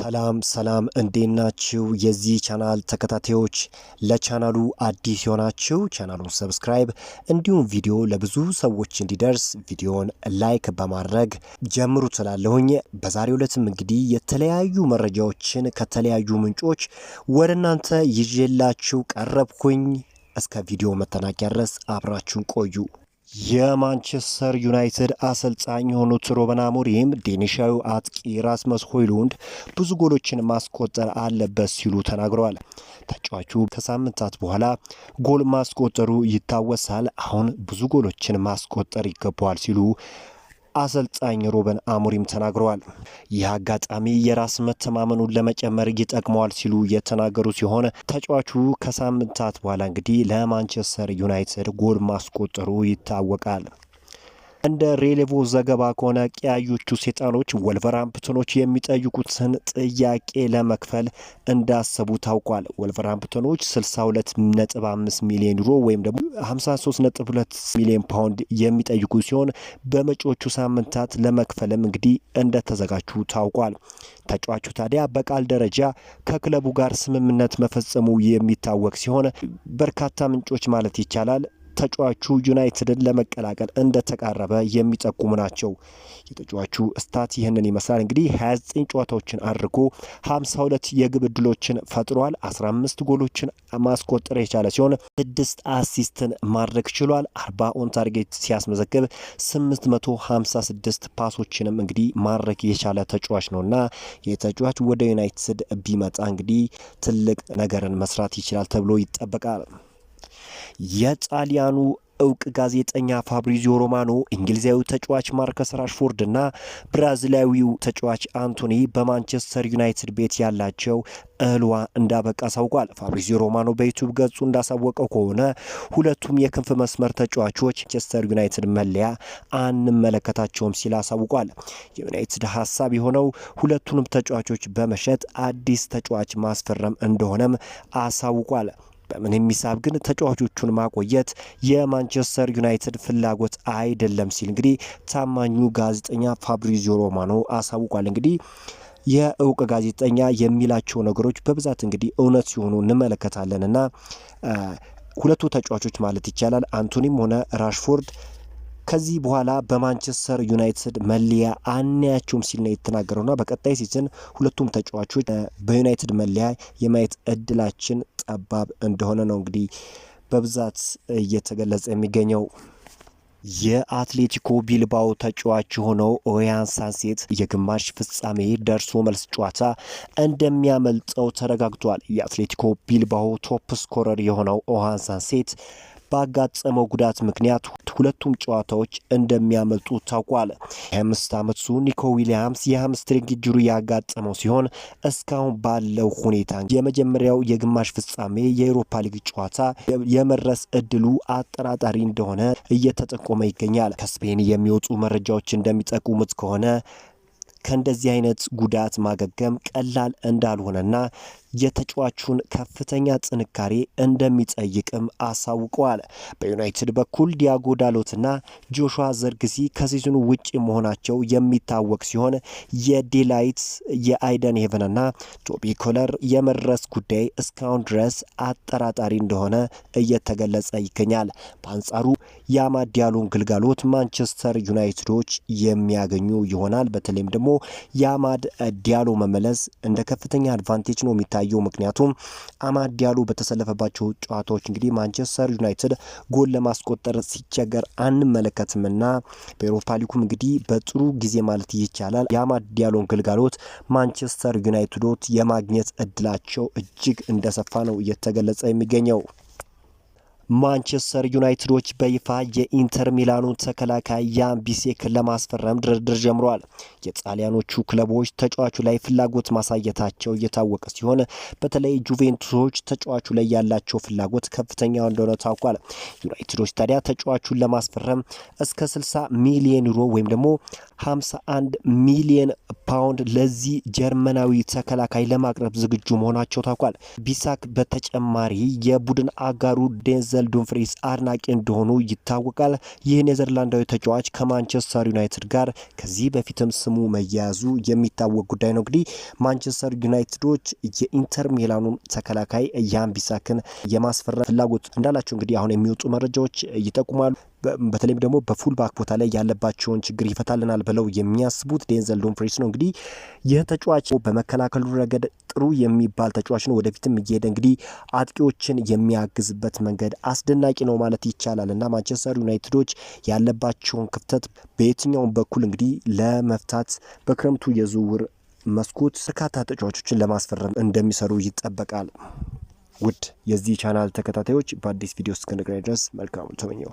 ሰላም ሰላም፣ እንዴት ናችሁ? የዚህ ቻናል ተከታታዮች፣ ለቻናሉ አዲስ የሆናችሁ ቻናሉን ሰብስክራይብ እንዲሁም ቪዲዮ ለብዙ ሰዎች እንዲደርስ ቪዲዮን ላይክ በማድረግ ጀምሩ ትላለሁኝ። በዛሬው ዕለትም እንግዲህ የተለያዩ መረጃዎችን ከተለያዩ ምንጮች ወደ እናንተ ይዤላችሁ ቀረብኩኝ። እስከ ቪዲዮ መጠናቀቂያ ድረስ አብራችሁን ቆዩ። የማንቸስተር ዩናይትድ አሰልጣኝ የሆኑት ሮበን አሞሪም ዴኒሻዊ አጥቂ ራስመስ ሆይሉንድ ብዙ ጎሎችን ማስቆጠር አለበት ሲሉ ተናግረዋል። ተጫዋቹ ከሳምንታት በኋላ ጎል ማስቆጠሩ ይታወሳል። አሁን ብዙ ጎሎችን ማስቆጠር ይገባዋል ሲሉ አሰልጣኝ ሩበን አሙሪም ተናግረዋል። ይህ አጋጣሚ የራስ መተማመኑን ለመጨመር ይጠቅመዋል ሲሉ የተናገሩ ሲሆን ተጫዋቹ ከሳምንታት በኋላ እንግዲህ ለማንቸስተር ዩናይትድ ጎል ማስቆጠሩ ይታወቃል። እንደ ሬሌቮ ዘገባ ከሆነ ቀያዮቹ ሴጣኖች ወልቨርሃምፕተኖች የሚጠይቁትን ጥያቄ ለመክፈል እንዳሰቡ ታውቋል። ወልቨርሃምፕተኖች 62.5 ሚሊዮን ዩሮ ወይም ደግሞ 53.2 ሚሊዮን ፓውንድ የሚጠይቁ ሲሆን በመጪዎቹ ሳምንታት ለመክፈልም እንግዲህ እንደተዘጋጁ ታውቋል። ተጫዋቹ ታዲያ በቃል ደረጃ ከክለቡ ጋር ስምምነት መፈጸሙ የሚታወቅ ሲሆን በርካታ ምንጮች ማለት ይቻላል ተጫዋቹ ዩናይትድን ለመቀላቀል እንደተቃረበ የሚጠቁሙ ናቸው። የተጫዋቹ ስታት ይህንን ይመስላል። እንግዲህ 29 ጨዋታዎችን አድርጎ 52 የግብ እድሎችን ፈጥሯል። 15 ጎሎችን ማስቆጠር የቻለ ሲሆን ስድስት አሲስትን ማድረግ ችሏል። 40 ኦን ታርጌት ሲያስመዘግብ 856 ፓሶችንም እንግዲህ ማድረግ የቻለ ተጫዋች ነውና የተጫዋች ወደ ዩናይትድ ቢመጣ እንግዲህ ትልቅ ነገርን መስራት ይችላል ተብሎ ይጠበቃል። የጣሊያኑ እውቅ ጋዜጠኛ ፋብሪዚዮ ሮማኖ እንግሊዛዊ ተጫዋች ማርከስ ራሽፎርድ እና ብራዚላዊው ተጫዋች አንቶኒ በማንቸስተር ዩናይትድ ቤት ያላቸው እህልዋ እንዳበቃ አሳውቋል። ፋብሪዚዮ ሮማኖ በዩቱብ ገጹ እንዳሳወቀው ከሆነ ሁለቱም የክንፍ መስመር ተጫዋቾች ማንቸስተር ዩናይትድ መለያ አንመለከታቸውም ሲል አሳውቋል። የዩናይትድ ሀሳብ የሆነው ሁለቱንም ተጫዋቾች በመሸጥ አዲስ ተጫዋች ማስፈረም እንደሆነም አሳውቋል። በምንም ሂሳብ ግን ተጫዋቾቹን ማቆየት የማንቸስተር ዩናይትድ ፍላጎት አይደለም ሲል እንግዲህ ታማኙ ጋዜጠኛ ፋብሪዚዮ ሮማኖ አሳውቋል። እንግዲህ የእውቅ ጋዜጠኛ የሚላቸው ነገሮች በብዛት እንግዲህ እውነት ሲሆኑ እንመለከታለን እና ሁለቱ ተጫዋቾች ማለት ይቻላል አንቶኒም ሆነ ራሽፎርድ ከዚህ በኋላ በማንቸስተር ዩናይትድ መለያ አናያቸውም ሲል ነው የተናገረውና በቀጣይ ሲዝን ሁለቱም ተጫዋቾች በዩናይትድ መለያ የማየት እድላችን ጠባብ እንደሆነ ነው እንግዲህ በብዛት እየተገለጸ የሚገኘው። የአትሌቲኮ ቢልባኦ ተጫዋች የሆነው ኦያን ሳንሴት የግማሽ ፍጻሜ ደርሶ መልስ ጨዋታ እንደሚያመልጠው ተረጋግቷል። የአትሌቲኮ ቢልባኦ ቶፕ ስኮረር የሆነው ኦያን ሳንሴት ባጋጠመው ጉዳት ምክንያት ሁለቱም ጨዋታዎች እንደሚያመልጡ ታውቋል። የአምስት ዓመቱ ኒኮ ዊሊያምስ የሀምስትሪንግ ጅሩ ያጋጠመው ሲሆን እስካሁን ባለው ሁኔታ የመጀመሪያው የግማሽ ፍጻሜ የአውሮፓ ሊግ ጨዋታ የመድረስ እድሉ አጠራጣሪ እንደሆነ እየተጠቆመ ይገኛል። ከስፔን የሚወጡ መረጃዎች እንደሚጠቁሙት ከሆነ ከእንደዚህ አይነት ጉዳት ማገገም ቀላል እንዳልሆነና የተጫዋቹን ከፍተኛ ጥንካሬ እንደሚጠይቅም አሳውቀዋል። በዩናይትድ በኩል ዲያጎ ዳሎትና ጆሹዋ ዘርግዚ ከሲዝኑ ውጭ መሆናቸው የሚታወቅ ሲሆን የዲላይት የአይደን ሄቨንና ቶቢ ኮለር የመድረስ ጉዳይ እስካሁን ድረስ አጠራጣሪ እንደሆነ እየተገለጸ ይገኛል። በአንጻሩ የአማድ ዲያሎን ግልጋሎት ማንቸስተር ዩናይትዶች የሚያገኙ ይሆናል። በተለይም ደግሞ የአማድ ዲያሎ መመለስ እንደ ከፍተኛ አድቫንቴጅ ነው የሚታ የሚታየው። ምክንያቱም አማድ ዲያሎ በተሰለፈባቸው ጨዋታዎች እንግዲህ ማንቸስተር ዩናይትድ ጎል ለማስቆጠር ሲቸገር አንመለከትምና በኤሮፓ ሊኩም እንግዲህ በጥሩ ጊዜ ማለት ይቻላል የአማድ ዲያሎን ግልጋሎት ማንቸስተር ዩናይትዶት የማግኘት እድላቸው እጅግ እንደሰፋ ነው እየተገለጸ የሚገኘው። ማንቸስተር ዩናይትዶች በይፋ የኢንተር ሚላኑ ተከላካይ ያን ለማስፈረም ድርድር ጀምረዋል። የጣሊያኖቹ ክለቦች ተጫዋቹ ላይ ፍላጎት ማሳየታቸው እየታወቀ ሲሆን በተለይ ጁቬንቱሶች ተጫዋቹ ላይ ያላቸው ፍላጎት ከፍተኛ እንደሆነ ታውቋል። ዩናይትዶች ታዲያ ተጫዋቹን ለማስፈረም እስከ 60 ሚሊዮን ዩሮ ወይም ደግሞ 51 ሚሊዮን ፓውንድ ለዚህ ጀርመናዊ ተከላካይ ለማቅረብ ዝግጁ መሆናቸው ታውቋል። ቢሳክ በተጨማሪ የቡድን አጋሩ ዴንዘ ዴዘል ዱምፍሪስ አድናቂ እንደሆኑ ይታወቃል። ይህ ኔዘርላንዳዊ ተጫዋች ከማንቸስተር ዩናይትድ ጋር ከዚህ በፊትም ስሙ መያያዙ የሚታወቅ ጉዳይ ነው። እንግዲህ ማንቸስተር ዩናይትዶች የኢንተር ሚላኑን ተከላካይ ያን ቢሳክን የማስፈራ ፍላጎት እንዳላቸው እንግዲህ አሁን የሚወጡ መረጃዎች ይጠቁማሉ። በተለይም ደግሞ በፉልባክ ቦታ ላይ ያለባቸውን ችግር ይፈታልናል ብለው የሚያስቡት ዴንዘል ዶምፍሪስ ነው። እንግዲህ ይህ ተጫዋች በመከላከሉ ረገድ ጥሩ የሚባል ተጫዋች ነው። ወደፊትም እየሄደ እንግዲህ አጥቂዎችን የሚያግዝበት መንገድ አስደናቂ ነው ማለት ይቻላል እና ማንቸስተር ዩናይትዶች ያለባቸውን ክፍተት በየትኛውም በኩል እንግዲህ ለመፍታት በክረምቱ የዝውውር መስኮት በርካታ ተጫዋቾችን ለማስፈረም እንደሚሰሩ ይጠበቃል። ውድ የዚህ ቻናል ተከታታዮች በአዲስ ቪዲዮ እስክንገናኝ ድረስ መልካሙን ተመኘው።